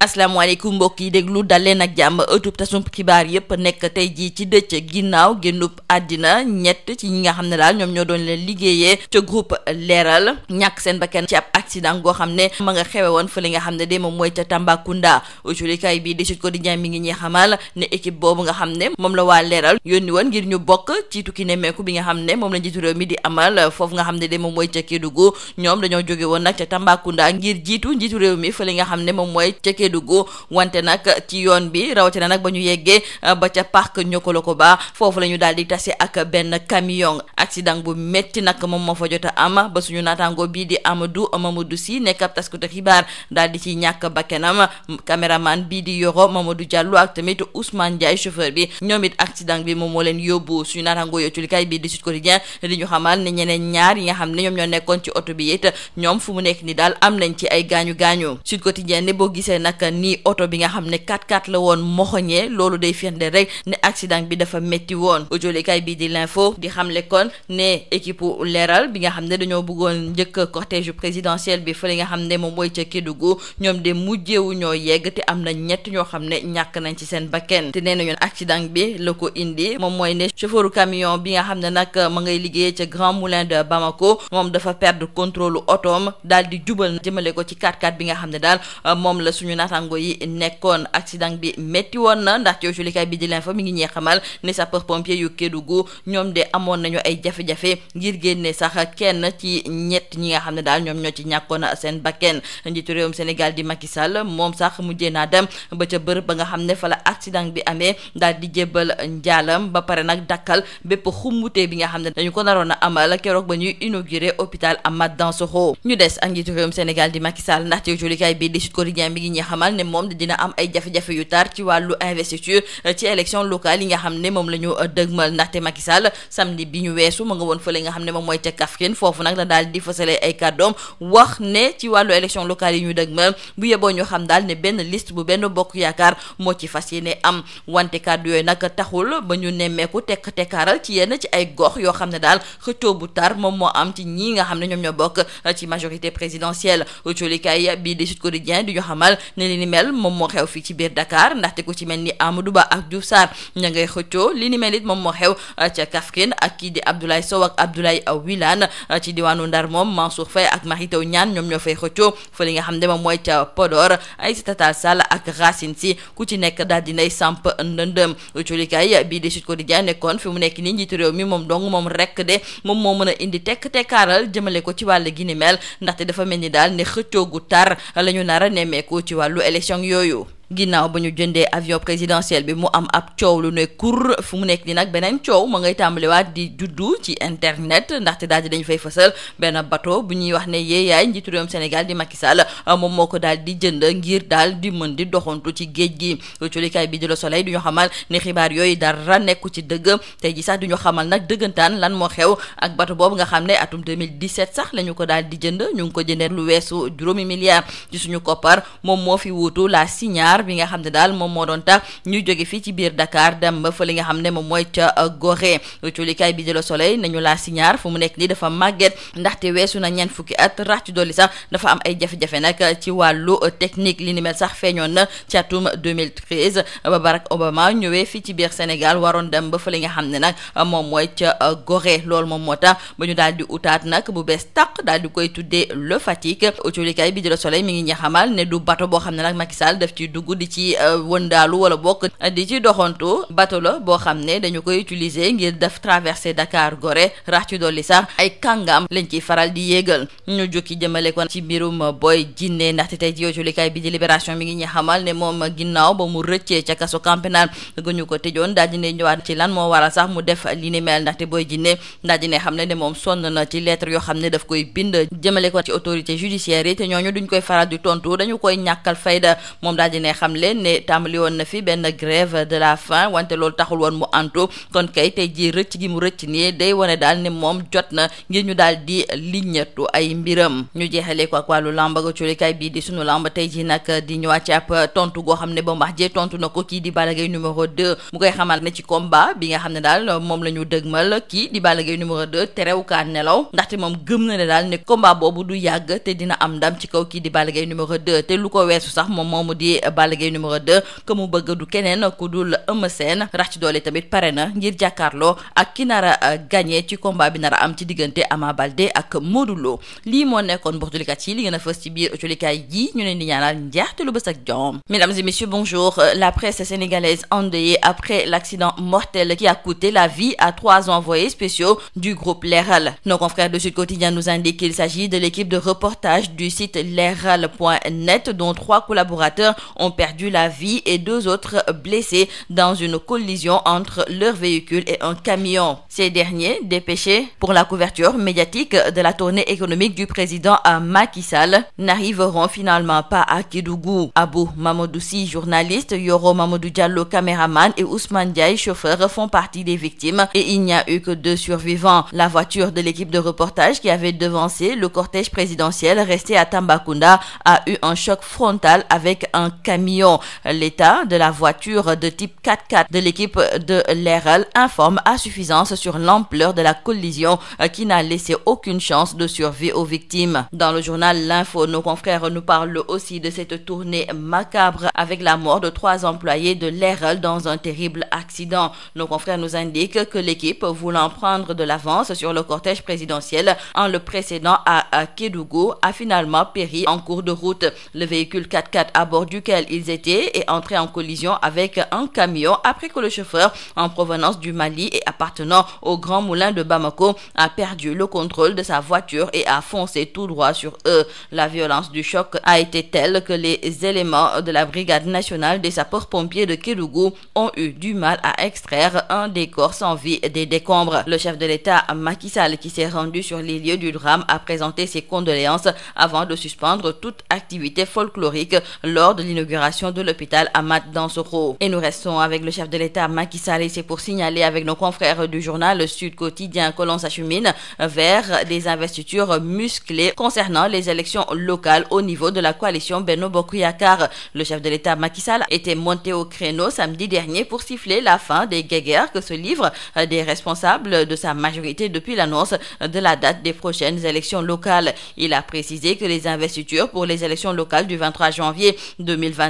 asalaamaaleykum mbokk yi déglu dal leen jàmb jàmm ëtub tasum xibaar yëpp nekk tey jii ci dëcc ginnaaw génnu àddina ñett ci ñi nga xam ne daal ñoom ñoo doon leen liggéeyee ca groupe leeral ñàkk seen bakkan ci ab accident goo xam ne ma nga xewe woon fële nga xam ne de moom mooy ca Tambacounda autolikaay bii di Sud Quotidien mi ngi ñuy xamal ne équipe boobu nga xam ne moom la waa leeral yónni woon ngir ñu bokk ci tukki nemmeeku bi nga xam ne moom la njiitu réew mi di amal foofu nga xam ne de moom mooy ca Kédougou ñoom dañoo jóge woon nag ca Tambacounda ngir jiitu njiitu réew mi fële nga xam ne moom mooy ca Kédougou wante nag ci yoon bi rawatina nag ba ñu yeggee euh, ba ca parc Niokolo-Koba foofu la ñu daal di tase ak benn camion accident bu métti nag moom ma fa jot a am ba suñu naataango bii di am Amadou du Sy nekk ab taskatu xibaar daal di ci ñàkk bakkanam caméraman bii di Yoro du Diallo ak tamit Ousmane Ndiaye chauffeur bi ñoom it accident bi moom moo leen yóbbu suñu naataango yoo culikaay bii di Sud Quotidien di ñu xamal ne ñeneen ñaar yi xam ne ñoom ñoo nekkoon ci oto bi it fu mu nekk ni daal am nañ ci ay gaañu gaañu Sud Quotidien gisee nag nag ni oto bi nga xam ne 4 x la woon moxoñee loolu day firnde rek ne accident bi dafa métti woon jolikaay bi di l'info di xamle kon ne équipe leeral bi nga xam ne dañoo bëggoon njëkk cortège présidentiel bi fa fële nga xam ne moom mooy ca Kédougou ñoom de mujjeewu ñoo yegg te am na ñett ñoo xam ne ñàkk nañ ci seen bakken te nee nañu accident bi la ko indi moom mooy ne chauffeuru camion bi nga xam ne nag ma ngay liggéey ca Grand Moulin de Bamako moom dafa perdre contrôle otoom daal di jubal jëmale ko ci 4 x bi nga xam ne daal naataango yi nekkoon accident bi métti woon na ndax ci julikaay bi di l'info mi ngi ñee xamal ne sapeur pompier yu Kédougou ñoom de amoon nañu ay jafe-jafe ngir génne sax kenn ci ñett ñi nga xam ne daal ñoom ñoo ci ñàkkoon seen bakken njiitu réewum Sénégal di Macky Sall moom sax mujjee naa dem ba ca bërëb ba nga xam ne fa la accident bi amee daal di jébbal njaalam ba pare nag dakkal bépp xumbute bi nga xam ne dañu ko naroon a amal keroog ba ñuy ñu des ak njiitu réewum Sénégal di Macky Sall ndax xamal ne moom dina am ay jafe-jafe yu tar ci wàllu investiture euh, ci élection locale yi nga xam ne moom la ñu euh, dëgmal ndaxte Macky Sall samedi bi ñu weesu ma nga woon fële nga xam ne moom mooy ca Kaffrine foofu nag la daal di fësale ay kàddoom wax ne ci wàllu élection locale yi ñu dëgmal bu yeboo ñoo xam daal ne benn list bu benn bokk yaakaar moo ci fas yéene am wante kàddu yooyu nag taxul ba ñu nemmeeku tekk tekkaaral ci yenn ci ay gox yoo xam ne daal xëccoo bu tar moom moo am ci ñii nga xam ne ñoom ñoo bokk euh, ci majorité présidentielle colikaay bi di Sud Quotidien di ñu xamal ne li ni mel moom moo xew fii ci biir Dakar ndaxte ku ci mel ni Amadou Ba ak Diouf Sarr ña ngay xëccoo li ni mel it moom moo xew uh, ca Kaffrine ak kii di Abdoulaye Sow ak Abdoulaye uh, Wilane uh, ci diwaanu Ndar moom Mansour Faye ak Mary Teuw Niane ñoom ñoo fay xëccoo fa li nga xam ne moom mooy ca Podor Aïssata Tall Sall ak Racine Sy ku ci nekk daal dinay samp ndëndëm colikaay bii di Sud Quotidien nekkoon fi mu nekk nii njiitu réew mi moom dong moom rek de moom moo mën a indi tekk tekkaaral ko ci gi ni mel ndaxte dafa mel ni daal ne xëccoo gu tar a lu élection yooyu ginnaaw ba ñu jëndee avion présidentiel bi mu am ab coow lu ne kur fu mu nekk ni nag beneen coow ma ngay tàmbaliwaat di juddu ci internet ndaxte daal di dañu fay fësal benn bato bu ñuy wax ne yeeyaay njiitu réewum Sénégal di Macky Sall euh, moom moo ko daal di jënd ngir daal di mën di doxantu ci géej gi colikaay bi di Le Soleil du ñu xamal ne xibaar yooyu dara nekku ci dëgg tey ji sax du xamal nag dëggantaan lan moo xew ak bato boobu nga xam ne atum 2017 sax la ñu ko daal jënd ñu ngi ko jëndee lu weesu juróomi milliards ci suñu koppar moom moo fi wuutu la signaar xibaar bi nga xam ne daal moom moo doon tax ñu jóge fii ci biir Dakar dem ba fa li nga xam ne moom mooy ca uh, Gorée culikaay bi di Le Soleil nañu laa signaar fu mu nekk nii dafa màgget ndaxte weesu na ñeent fukki at rax ci sax dafa am ay jafe nag ci wàllu uh, technique li ni mel sax feeñoon na ci atum 2013 ba Barack Obama ñëwee fii ci biir Sénégal waroon dem ba fa li nga xam ne nag moom mooy ca uh, Gorée loolu moom moo tax ba ñu daal di utaat nag bu bees tàq daal di koy tuddee le Fatick culikaay bi di Le Soleil mi ngi ñaxamal ne du bato boo xam ne nag Macky Sall daf dugg dugg di ci euh, wëndaalu wala bokk di ci doxantu bateau boo xam ne dañu koy utiliser ngir def traverser Dakar Gorée rax ci dolli sax ay kàngam lañ ci faral di yéegal ñu jukki jëmale ko ci mbirum Boy Djiné ndaxte tey jii julikaay bi di libération mi ngi ñuy xamal ne moom ginnaaw ba mu rëccee ca kaso camp pénal gu ñu ko tëjoon daal di ne ñëwaat ci lan moo waral sax mu def li ni mel ndaxte Boy Djiné daal ne xam ne ne moom sonn na ci lettre yoo xam ne daf koy bind jëmale ko ci autorité judiciaire yi te ñooñu duñ koy faral di tontu dañu koy ñàkkal fayda moom daal di ne xam leen ne tàmbali woon na fi benn grève de la faim wante loolu taxul woon mu antu kon kay tey jii rëcc gi mu rëcc nii day wane daal ne moom jot na ngir ñu daal di liñatu ay mbiram ñu jeexalee ko ak wàllu lamba ga culikay bii di sunu lamba tey jii nag di ñëwaat ci ab tontu goo xam ne ba mbax jee tontu na ko kii di Balla Gaye de mu koy xamal ne ci combat bi nga xam ne daal moom la ñu dëgmal kii di Balla Gaye numéro 2 terew kaa nelaw ndaxte moom gëm na ne daal ne combat boobu du yàgg te dina am ndam kaw kii di Balla Gaye Balla Gaye numéro 2 que mu bëgg du keneen ku dul Eumeu Sène rax ci tamit pare na ngir jàkkaarloo ak ki nar a euh, gagné ci a am ci Ama Baldé ak Modou li ngeen a fës ci biir yi ñu leen di ñaanal njeexte lu Mesdames et messieurs, bonjour. La presse sénégalaise endeuillée après l'accident mortel qui a coûté la vie à trois envoyés spéciaux du groupe Leral. Nos confrères de Sud Quotidien nous indiquent qu'il s'agit de l'équipe de reportage du site leral.net dont trois collaborateurs ont perdu la vie et deux autres blessés dans une collision entre leur véhicule et un camion. Ces derniers, dépêchés pour la couverture médiatique de la tournée économique du président à Macky Sall, n'arriveront finalement pas à Kédougou. Abou Mamadou Sy, journaliste, Yoro Mamadou Diallo, et Ousmane Diaye, chauffeur, font partie des victimes et il n'y a eu que deux survivants. La voiture de l'équipe de reportage qui avait devancé le cortège présidentiel resté à Tambacounda camions. Euh, l'état de la voiture de type 4 de l'équipe de l'ERL informe à sur l'ampleur de la collision euh, qui n'a laissé aucune chance de survie aux victimes. Dans le journal L'Info, nos confrères nous parlent aussi de cette tournée macabre avec la mort de trois employés de l'ERL dans un terrible accident. Nos confrères nous indiquent que l'équipe voulant prendre de l'avance sur le cortège présidentiel en le précédant à Kédougou a finalement péri en ils étaient entrés en collision avec un camion après que le chauffeur en provenance du Mali et appartenant au Grand Moulin de Bamako a perdu le contrôle de sa voiture et a foncé tout droit sur eux. La violence du choc a été telle que les éléments de la Brigade nationale des sapeurs-pompiers de Kédougou ont eu du mal à extraire un des corps sans vie des décombres. Le chef de l'État, Macky qui s'est rendu sur les lieux du drame, a présenté ses condoléances l'inauguration de l'hôpital Ahmad Dansokho. Et nous restons avec le chef de l'État Macky Sall, c'est pour signaler avec nos confrères du journal Sud Quotidien que s'achemine vers des investitures musclées concernant les élections locales au niveau de la coalition Benno Bokk Yakaar. Le chef de l'État Macky était monté au créneau samedi dernier pour siffler la fin des guéguerres que se livrent des responsables de sa majorité depuis l'annonce de la date des prochaines a précisé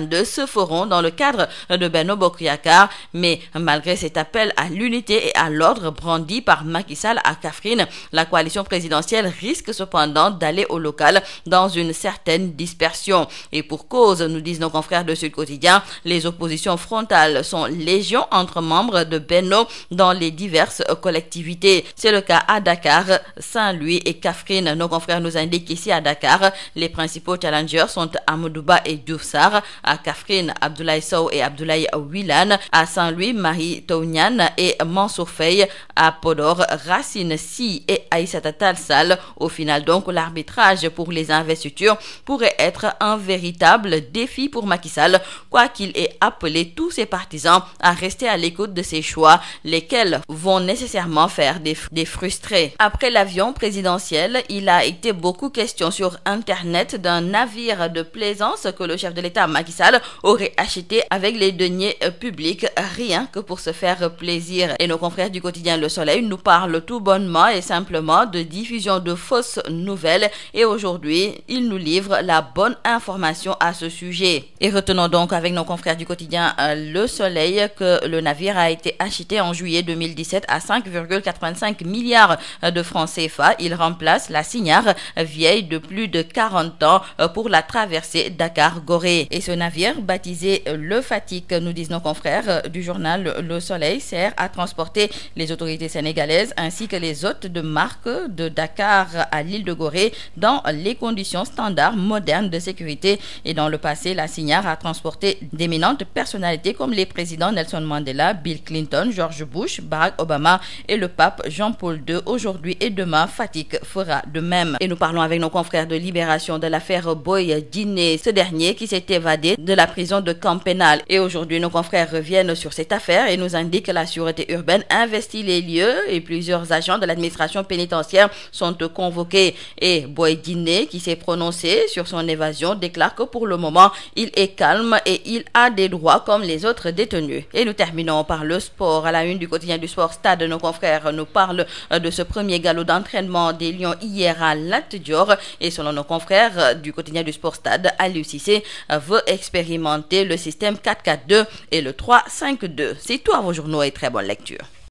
2022 se feront dans le cadre de Benno Bokuyakar. Mais malgré cet appel à l'unité et à l'ordre brandi par Macky à Kafrine, la coalition présidentielle risque cependant d'aller au local dans une certaine dispersion. Et pour cause, nous disent nos confrères de Sud Quotidien, les oppositions frontales sont légion entre membres de Benno dans les diverses collectivités. C'est le cas à Dakar, Saint-Louis et Kafrine. Nos confrères nous indiquent ici à Dakar, les à Kafrine, Abdoulaye Sow et Abdoulaye Wilane, à Saint-Louis, Marie Tounian et Mansour Faye, à Podor, Racine Si et Aïssata Talsal. Au final donc, l'arbitrage pour les investitures pourrait être un véritable défi pour Macky quoiqu'il ait appelé tous ses partisans à rester à l'écoute de ses choix, lesquels vont nécessairement faire des, des frustrés. Après l'avion présidentiel, il a été beaucoup question sur Internet d'un navire de plaisance que le chef de l'État Sall aurait acheté avec les deniers euh, publics rien que pour se faire plaisir. Et nos confrères du quotidien Le Soleil nous parlent tout bonnement et simplement de diffusion de fausses nouvelles et aujourd'hui, ils nous livrent la bonne information à ce sujet. Et retenons donc avec nos confrères du quotidien euh, Le Soleil que le navire a été acheté en juillet 2017 à 5,85 milliards euh, de francs CFA. Il remplace la Signare vieille de plus de 40 ans pour la traversée dakar navire baptisé euh, le Fatick, nous disent nos confrères euh, du journal Le Soleil, sert à transporter les autorités sénégalaises ainsi que les hôtes de marque de Dakar à l'île de Gorée dans les conditions standards modernes de sécurité. Et dans le passé, la Signare a transporté d'éminentes personnalités comme les présidents Nelson Mandela, Bill Clinton, George Bush, Barack Obama et le pape Jean-Paul II. Aujourd'hui et demain, Fatick fera de même. Et nous parlons décédé de la prison de camp pénal. Et aujourd'hui, nos confrères reviennent sur cette affaire et nous indiquent la sûreté urbaine investit les lieux et plusieurs agents de l'administration pénitentiaire sont convoqués. Et Boydine, qui s'est prononcé sur son évasion, déclare que pour le moment, il est calme et il a des droits comme les autres détenus. Et nous terminons par le sport. À la une du quotidien du sport Stade, nos confrères nous parlent euh, de ce premier expérimenter le système 4-4-2 et le 3-5-2. C'est tout à vos journaux et très bonne lecture.